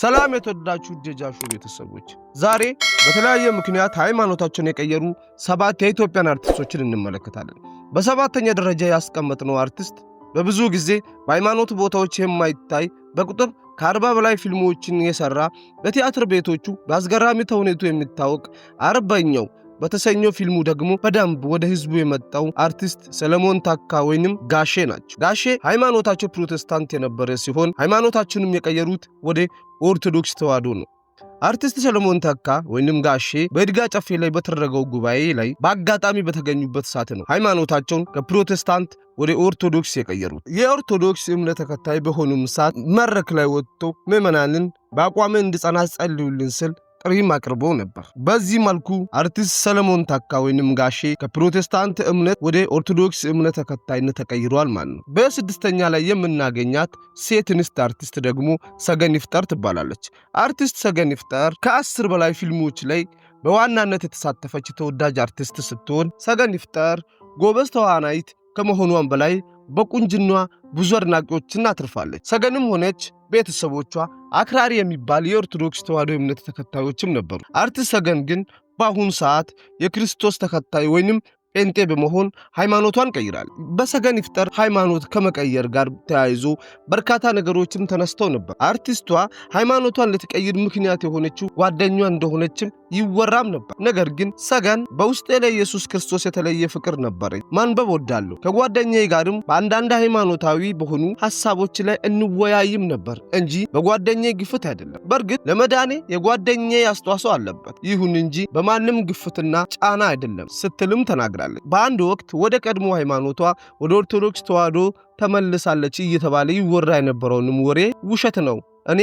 ሰላም የተወደዳችሁ ደጃሾ ቤተሰቦች፣ ዛሬ በተለያየ ምክንያት ሃይማኖታቸውን የቀየሩ ሰባት የኢትዮጵያን አርቲስቶችን እንመለከታለን። በሰባተኛ ደረጃ ያስቀመጥነው አርቲስት በብዙ ጊዜ በሃይማኖት ቦታዎች የማይታይ በቁጥር ከአርባ በላይ ፊልሞችን የሰራ በቲያትር ቤቶቹ በአስገራሚ ተውኔቱ የሚታወቅ አርበኛው በተሰኘው ፊልሙ ደግሞ በደንብ ወደ ህዝቡ የመጣው አርቲስት ሰለሞን ታካ ወይንም ጋሼ ናቸው። ጋሼ ሃይማኖታቸው ፕሮቴስታንት የነበረ ሲሆን ሃይማኖታቸውንም የቀየሩት ወደ ኦርቶዶክስ ተዋህዶ ነው። አርቲስት ሰለሞን ተካ ወይንም ጋሼ በእድጋ ጨፌ ላይ በተደረገው ጉባኤ ላይ በአጋጣሚ በተገኙበት ሰዓት ነው ሃይማኖታቸውን ከፕሮቴስታንት ወደ ኦርቶዶክስ የቀየሩት። የኦርቶዶክስ እምነት ተከታይ በሆኑም ሰዓት መድረክ ላይ ወጥቶ ምዕመናንን በአቋሜ እንድጸና ጸልዩልን ስል ጥሪም አቅርቦ ነበር። በዚህ መልኩ አርቲስት ሰለሞን ታካ ወይንም ጋሼ ከፕሮቴስታንት እምነት ወደ ኦርቶዶክስ እምነት ተከታይነት ተቀይሯል ማለት ነው። በስድስተኛ ላይ የምናገኛት ሴት እንስት አርቲስት ደግሞ ሰገን ይፍጠር ትባላለች። አርቲስት ሰገን ይፍጠር ከአስር በላይ ፊልሞች ላይ በዋናነት የተሳተፈች ተወዳጅ አርቲስት ስትሆን ሰገን ይፍጠር ጎበዝ ተዋናይት ከመሆኗም በላይ በቁንጅኗ ብዙ አድናቂዎችን አትርፋለች። ሰገንም ሆነች ቤተሰቦቿ አክራሪ የሚባል የኦርቶዶክስ ተዋሕዶ እምነት ተከታዮችም ነበሩ። አርቲስት ሰገን ግን በአሁኑ ሰዓት የክርስቶስ ተከታይ ወይንም ጴንጤ በመሆን ሃይማኖቷን ቀይራል። በሰገን ይፍጠር ሃይማኖት ከመቀየር ጋር ተያይዞ በርካታ ነገሮችም ተነስተው ነበር። አርቲስቷ ሃይማኖቷን ልትቀይር ምክንያት የሆነችው ጓደኛ እንደሆነችም ይወራም ነበር። ነገር ግን ሰገን በውስጤ ላይ ኢየሱስ ክርስቶስ የተለየ ፍቅር ነበረኝ፣ ማንበብ ወዳለሁ፣ ከጓደኛዬ ጋርም በአንዳንድ ሃይማኖታዊ በሆኑ ሀሳቦች ላይ እንወያይም ነበር እንጂ በጓደኛዬ ግፍት አይደለም። በእርግጥ ለመዳኔ የጓደኛዬ አስተዋጽኦ አለበት፣ ይሁን እንጂ በማንም ግፍትና ጫና አይደለም ስትልም ተናግራል። ተናግራለች። በአንድ ወቅት ወደ ቀድሞ ሃይማኖቷ ወደ ኦርቶዶክስ ተዋህዶ ተመልሳለች እየተባለ ይወራ የነበረውንም ወሬ ውሸት ነው እኔ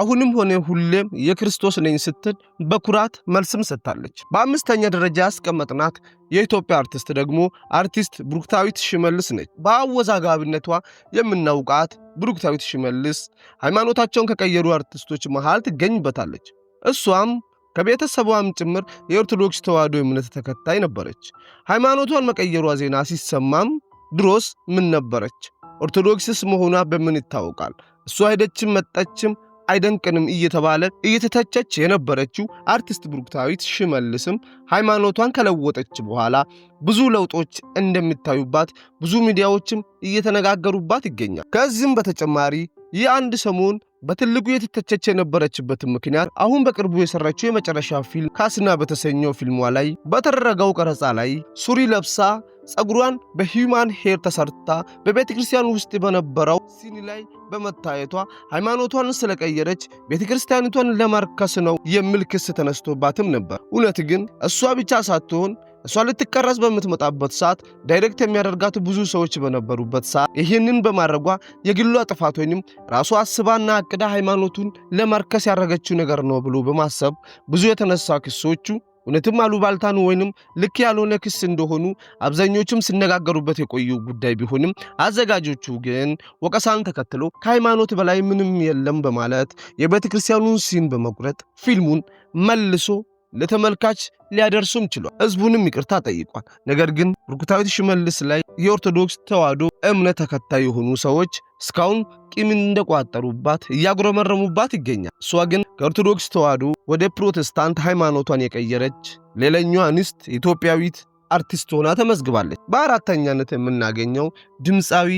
አሁንም ሆነ ሁሌም የክርስቶስ ነኝ ስትል በኩራት መልስም ሰጥታለች። በአምስተኛ ደረጃ ያስቀመጥናት የኢትዮጵያ አርቲስት ደግሞ አርቲስት ብሩክታዊት ሽመልስ ነች። በአወዛጋቢነቷ የምናውቃት ብሩክታዊት ሽመልስ ሃይማኖታቸውን ከቀየሩ አርቲስቶች መሃል ትገኝበታለች። እሷም ከቤተሰቧም ጭምር የኦርቶዶክስ ተዋሕዶ እምነት ተከታይ ነበረች። ሃይማኖቷን መቀየሯ ዜና ሲሰማም ድሮስ ምን ነበረች? ኦርቶዶክስስ መሆኗ በምን ይታወቃል? እሷ ሄደችም መጣችም አይደንቅንም እየተባለ እየተተቸች የነበረችው አርቲስት ብሩክታዊት ሽመልስም ሃይማኖቷን ከለወጠች በኋላ ብዙ ለውጦች እንደሚታዩባት ብዙ ሚዲያዎችም እየተነጋገሩባት ይገኛል። ከዚህም በተጨማሪ የአንድ ሰሞን በትልቁ የተተቸች የነበረችበትን ምክንያት አሁን በቅርቡ የሰራችው የመጨረሻ ፊልም ካስና በተሰኘው ፊልሟ ላይ በተደረገው ቀረጻ ላይ ሱሪ ለብሳ ጸጉሯን በሂዩማን ሄር ተሰርታ በቤተ ክርስቲያን ውስጥ በነበረው ሲኒ ላይ በመታየቷ ሃይማኖቷን ስለቀየረች ቤተ ክርስቲያኒቷን ለማርከስ ነው የሚል ክስ ተነስቶባትም ነበር። እውነት ግን እሷ ብቻ ሳትሆን እሷ ልትቀረጽ በምትመጣበት ሰዓት ዳይሬክት የሚያደርጋት ብዙ ሰዎች በነበሩበት ሰዓት ይህንን በማድረጓ የግሏ ጥፋት ወይም ራሷ አስባና አቅዳ ሃይማኖቱን ለማርከስ ያደረገችው ነገር ነው ብሎ በማሰብ ብዙ የተነሳ ክሶቹ እውነትም አሉባልታን ወይንም ልክ ያልሆነ ክስ እንደሆኑ አብዛኞቹም ሲነጋገሩበት የቆዩ ጉዳይ ቢሆንም አዘጋጆቹ ግን ወቀሳን ተከትሎ ከሃይማኖት በላይ ምንም የለም በማለት የቤተ ክርስቲያኑን ሲን በመቁረጥ ፊልሙን መልሶ ለተመልካች ሊያደርሱም ችሏል። ህዝቡንም ይቅርታ ጠይቋል። ነገር ግን ብርኩታዊት ሽመልስ ላይ የኦርቶዶክስ ተዋህዶ እምነት ተከታይ የሆኑ ሰዎች እስካሁን ቂም እንደቋጠሩባት እያጉረመረሙባት ይገኛል። እሷ ግን ከኦርቶዶክስ ተዋሕዶ ወደ ፕሮቴስታንት ሃይማኖቷን የቀየረች ሌላኛዋ እንስት ኢትዮጵያዊት አርቲስት ሆና ተመዝግባለች። በአራተኛነት የምናገኘው ድምፃዊ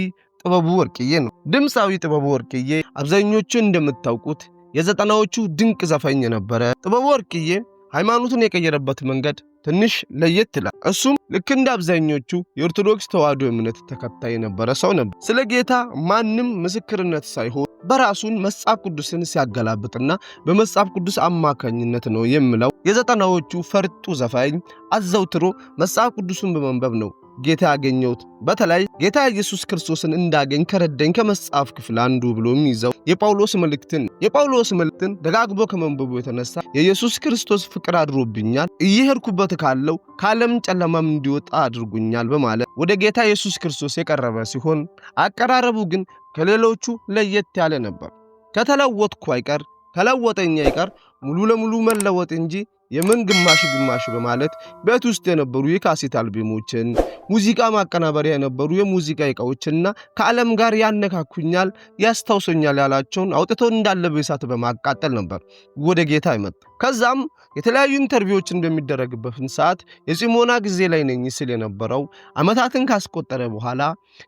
ጥበቡ ወርቅዬ ነው። ድምፃዊ ጥበቡ ወርቅዬ አብዛኞቹ እንደምታውቁት የዘጠናዎቹ ድንቅ ዘፋኝ የነበረ ጥበቡ ወርቅዬ ሃይማኖቱን የቀየረበት መንገድ ትንሽ ለየት ይላል። እሱም ልክ እንደ አብዛኞቹ የኦርቶዶክስ ተዋሕዶ እምነት ተከታይ የነበረ ሰው ነበር። ስለ ጌታ ማንም ምስክርነት ሳይሆን በራሱን መጽሐፍ ቅዱስን ሲያገላብጥና በመጽሐፍ ቅዱስ አማካኝነት ነው የሚለው የዘጠናዎቹ ፈርጡ ዘፋኝ አዘውትሮ መጽሐፍ ቅዱሱን በመንበብ ነው ጌታ ያገኘሁት በተለይ ጌታ ኢየሱስ ክርስቶስን እንዳገኝ ከረዳኝ ከመጽሐፍ ክፍል አንዱ ብሎ የሚይዘው የጳውሎስ መልእክትን የጳውሎስ መልእክትን ደጋግሞ ከመንበቡ የተነሳ የኢየሱስ ክርስቶስ ፍቅር አድሮብኛል፣ እየሄድኩበት ካለው ከዓለም ጨለማም እንዲወጣ አድርጉኛል በማለት ወደ ጌታ ኢየሱስ ክርስቶስ የቀረበ ሲሆን አቀራረቡ ግን ከሌሎቹ ለየት ያለ ነበር። ከተለወጥኩ አይቀር ከለወጠኝ አይቀር ሙሉ ለሙሉ መለወጥ እንጂ የምን ግማሽ ግማሽ በማለት ቤት ውስጥ የነበሩ የካሴት አልቤሞችን፣ ሙዚቃ ማቀናበሪያ የነበሩ የሙዚቃ እቃዎችና ከዓለም ጋር ያነካኩኛል ያስታውሰኛል ያላቸውን አውጥቶ እንዳለ በእሳት በማቃጠል ነበር ወደ ጌታ ይመጣ። ከዛም የተለያዩ ኢንተርቪዎችን በሚደረግበትን ሰዓት የጽሞና ጊዜ ላይ ነኝ ስል የነበረው ዓመታትን ካስቆጠረ በኋላ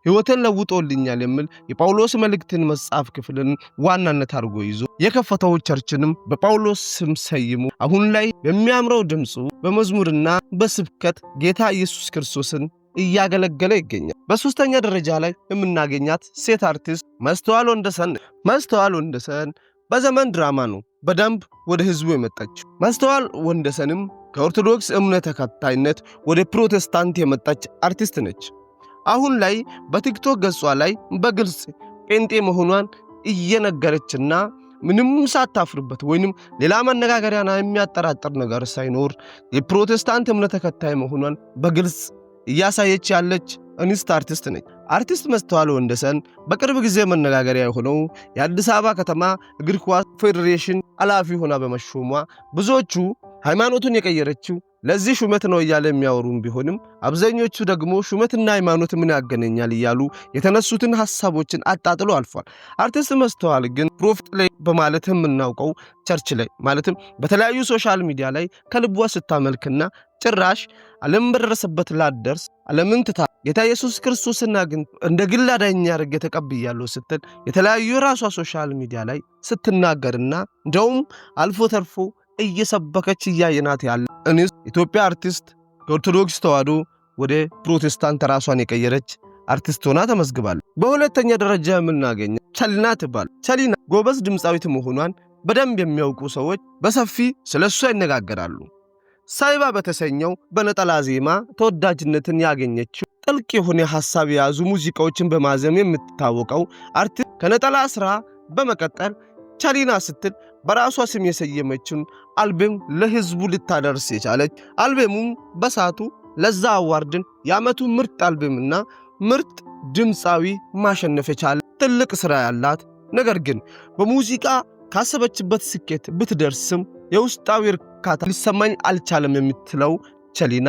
ሕይወትን ለውጦልኛል የሚል የጳውሎስ መልእክትን መጽሐፍ ክፍልን ዋናነት አድርጎ ይዞ የከፈተው ቸርችንም በጳውሎስ ስም ሰይሙ አሁን ላይ በሚያምረው ድምፁ በመዝሙርና በስብከት ጌታ ኢየሱስ ክርስቶስን እያገለገለ ይገኛል። በሶስተኛ ደረጃ ላይ የምናገኛት ሴት አርቲስት መስተዋል ወንደሰን። መስተዋል ወንደሰን በዘመን ድራማ ነው በደንብ ወደ ህዝቡ የመጣችው። መስተዋል ወንደሰንም ከኦርቶዶክስ እምነት ተከታይነት ወደ ፕሮቴስታንት የመጣች አርቲስት ነች። አሁን ላይ በቲክቶክ ገጿ ላይ በግልጽ ጴንጤ መሆኗን እየነገረችና ምንም ሳታፍርበት ወይንም ሌላ መነጋገሪያን የሚያጠራጥር ነገር ሳይኖር የፕሮቴስታንት እምነት ተከታይ መሆኗን በግልጽ እያሳየች ያለች እንስት አርቲስት ነች። አርቲስት መስተዋል ወንደሰን በቅርብ ጊዜ መነጋገሪያ የሆነው የአዲስ አበባ ከተማ እግር ኳስ ፌዴሬሽን ኃላፊ ሆና በመሾሟ ብዙዎቹ ሃይማኖቱን የቀየረችው ለዚህ ሹመት ነው እያለ የሚያወሩም ቢሆንም አብዛኞቹ ደግሞ ሹመትና ሃይማኖት ምን ያገነኛል እያሉ የተነሱትን ሀሳቦችን አጣጥሎ አልፏል። አርቲስት መስተዋል ግን ፕሮፊት ላይ በማለት የምናውቀው ቸርች ላይ ማለትም በተለያዩ ሶሻል ሚዲያ ላይ ከልቧ ስታመልክና ጭራሽ ዓለም በደረሰበት ላደርስ ዓለምን ትታ ጌታ ኢየሱስ ክርስቶስና ግን እንደ ግል አዳኝ አድርጌ ተቀብያለሁ ስትል የተለያዩ የራሷ ሶሻል ሚዲያ ላይ ስትናገርና እንደውም አልፎ ተርፎ እየሰበከች እያየናት ያለ እንስት ኢትዮጵያ አርቲስት ከኦርቶዶክስ ተዋሕዶ ወደ ፕሮቴስታንት ራሷን የቀየረች አርቲስት ሆና ተመዝግባል። በሁለተኛ ደረጃ የምናገኘው ቸሊና ትባል። ቸሊና ጎበዝ ድምፃዊት መሆኗን በደንብ የሚያውቁ ሰዎች በሰፊ ስለ እሷ ይነጋገራሉ። ሳይባ በተሰኘው በነጠላ ዜማ ተወዳጅነትን ያገኘችው ጥልቅ የሆነ ሐሳብ የያዙ ሙዚቃዎችን በማዘም የምትታወቀው አርቲስት ከነጠላ ስራ በመቀጠል ቸሊና ስትል በራሷ ስም የሰየመችን አልበም ለህዝቡ ልታደርስ የቻለች አልበሙም በሳቱ ለዛ አዋርድን የአመቱ ምርጥ አልበምና ምርጥ ድምፃዊ ማሸነፍ የቻለ ትልቅ ሥራ ያላት ነገር ግን በሙዚቃ ካሰበችበት ስኬት ብትደርስም የውስጣዊ እርካታ ሊሰማኝ አልቻለም የምትለው ቸሊና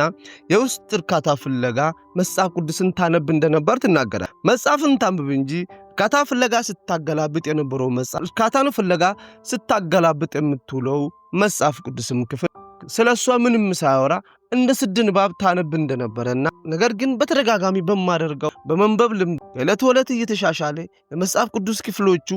የውስጥ እርካታ ፍለጋ መጽሐፍ ቅዱስን ታነብ እንደነበር ትናገራል። መጽሐፍን ታንብብ እንጂ እርካታ ፍለጋ ስታገላብጥ የነበረው መጽሐፍ እርካታን ፍለጋ ስታገላብጥ የምትውለው መጽሐፍ ቅዱስም ክፍል ስለ እሷ ምንም ሳያወራ እንደ ስድ ንባብ ታነብ እንደነበረና ነገር ግን በተደጋጋሚ በማደርገው በመንበብ ልምድ ከዕለት ወለት እየተሻሻለ የመጽሐፍ ቅዱስ ክፍሎቹ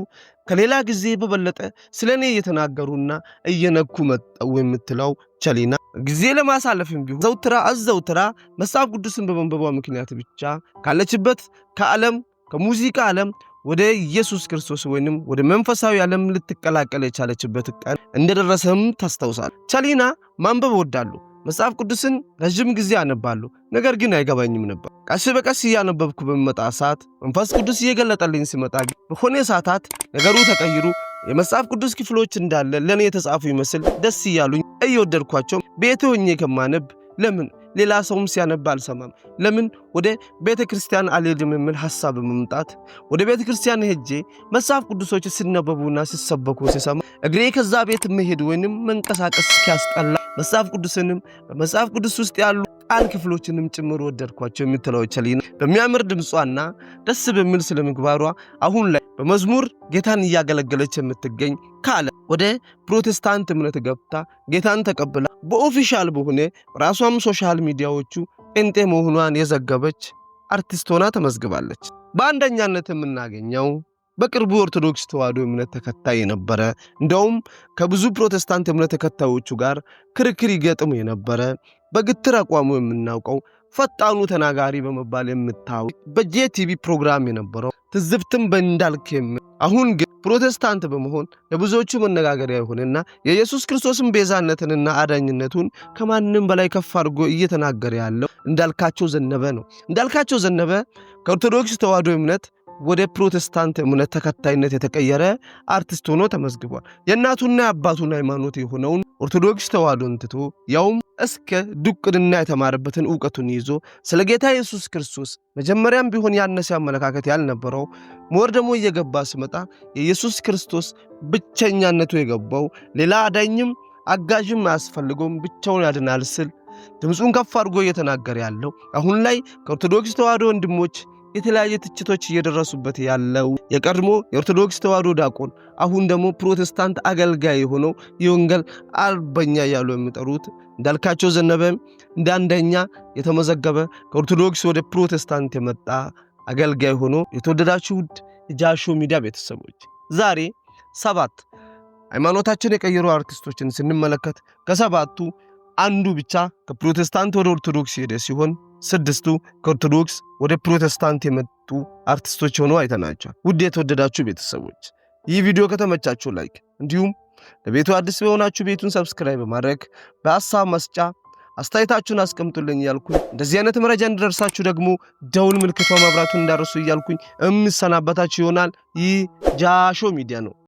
ከሌላ ጊዜ በበለጠ ስለ እኔ እየተናገሩና እየነኩ መጠው የምትለው ቸሊና ጊዜ ለማሳለፍም ቢሆን ዘውትራ አዘውትራ መጽሐፍ ቅዱስን በመንበቧ ምክንያት ብቻ ካለችበት ከዓለም ከሙዚቃ ዓለም ወደ ኢየሱስ ክርስቶስ ወይንም ወደ መንፈሳዊ ዓለም ልትቀላቀል የቻለችበት ቀን እንደደረሰም ታስታውሳል። ቻሊና ማንበብ ወዳሉ መጽሐፍ ቅዱስን ረዥም ጊዜ አነባሉ፣ ነገር ግን አይገባኝም ነበር። ቀስ በቀስ እያነበብኩ በሚመጣ ሰዓት መንፈስ ቅዱስ እየገለጠልኝ ሲመጣ በሆነ ሰዓታት ነገሩ ተቀይሩ የመጽሐፍ ቅዱስ ክፍሎች እንዳለ ለእኔ የተጻፉ ይመስል ደስ እያሉኝ እየወደድኳቸው ቤት ሆኜ ከማነብ ለምን ሌላ ሰውም ሲያነባ አልሰማም። ለምን ወደ ቤተ ክርስቲያን አልሄድም የሚል ሀሳብ በመምጣት ወደ ቤተ ክርስቲያን ሄጄ መጽሐፍ ቅዱሶች ሲነበቡና ሲሰበኩ ሲሰማ እግሬ ከዛ ቤት መሄድ ወይንም መንቀሳቀስ እስኪያስጠላ መጽሐፍ ቅዱስንም በመጽሐፍ ቅዱስ ውስጥ ያሉ ቃል ክፍሎችንም ጭምር ወደድኳቸው የምትለው ቸሊና በሚያምር ድምጿና ደስ በሚል ስለ ምግባሯ አሁን ላይ በመዝሙር ጌታን እያገለገለች የምትገኝ ካለ ወደ ፕሮቴስታንት እምነት ገብታ ጌታን ተቀብላ በኦፊሻል በሆነ ራሷም ሶሻል ሚዲያዎቹ ጴንጤ መሆኗን የዘገበች አርቲስት ሆና ተመዝግባለች። በአንደኛነት የምናገኘው በቅርቡ ኦርቶዶክስ ተዋሕዶ እምነት ተከታይ የነበረ እንደውም ከብዙ ፕሮቴስታንት እምነት ተከታዮቹ ጋር ክርክር ይገጥሙ የነበረ በግትር አቋሙ የምናውቀው ፈጣኑ ተናጋሪ በመባል የምታወቅ በጄቲቪ ፕሮግራም የነበረው ትዝብትም በእንዳልክ አሁን ግን ፕሮቴስታንት በመሆን ለብዙዎቹ መነጋገሪያ የሆነና የኢየሱስ ክርስቶስን ቤዛነትንና አዳኝነቱን ከማንም በላይ ከፍ አድርጎ እየተናገረ ያለው እንዳልካቸው ዘነበ ነው። እንዳልካቸው ዘነበ ከኦርቶዶክስ ተዋሕዶ እምነት ወደ ፕሮቴስታንት እምነት ተከታይነት የተቀየረ አርቲስት ሆኖ ተመዝግቧል። የእናቱና የአባቱን ሃይማኖት የሆነውን ኦርቶዶክስ ተዋሕዶን ትቶ ያውም እስከ ድቁድና የተማረበትን እውቀቱን ይዞ ስለ ጌታ ኢየሱስ ክርስቶስ መጀመሪያም ቢሆን ያነሰ አመለካከት ያልነበረው ሞር ደግሞ እየገባ ስመጣ የኢየሱስ ክርስቶስ ብቸኛነቱ የገባው ሌላ አዳኝም አጋዥም አያስፈልገውም ብቻውን ያድናል ስል ድምፁን ከፍ አድርጎ እየተናገረ ያለው አሁን ላይ ከኦርቶዶክስ ተዋዶ ወንድሞች የተለያየ ትችቶች እየደረሱበት ያለው የቀድሞ የኦርቶዶክስ ተዋሕዶ ዲያቆን አሁን ደግሞ ፕሮቴስታንት አገልጋይ የሆነው የወንጌል አርበኛ እያሉ የሚጠሩት እንዳልካቸው ዘነበ እንደ አንደኛ የተመዘገበ ከኦርቶዶክስ ወደ ፕሮቴስታንት የመጣ አገልጋይ ሆኖ የተወደዳችሁ ውድ የጃሾ ሚዲያ ቤተሰቦች ዛሬ ሰባት ሃይማኖታችን የቀየሩ አርቲስቶችን ስንመለከት ከሰባቱ አንዱ ብቻ ከፕሮቴስታንት ወደ ኦርቶዶክስ ሄደ ሲሆን ስድስቱ ከኦርቶዶክስ ወደ ፕሮቴስታንት የመጡ አርቲስቶች ሆነው አይተናቸዋል። ውድ የተወደዳችሁ ቤተሰቦች ይህ ቪዲዮ ከተመቻችሁ ላይክ፣ እንዲሁም ለቤቱ አዲስ በሆናችሁ ቤቱን ሰብስክራይብ በማድረግ በሀሳብ መስጫ አስተያየታችሁን አስቀምጡልኝ እያልኩኝ እንደዚህ አይነት መረጃ እንዲደርሳችሁ ደግሞ ደውል ምልክቷ መብራቱን እንዳረሱ እያልኩኝ የምሰናበታችሁ ይሆናል። ይህ ጃሾ ሚዲያ ነው።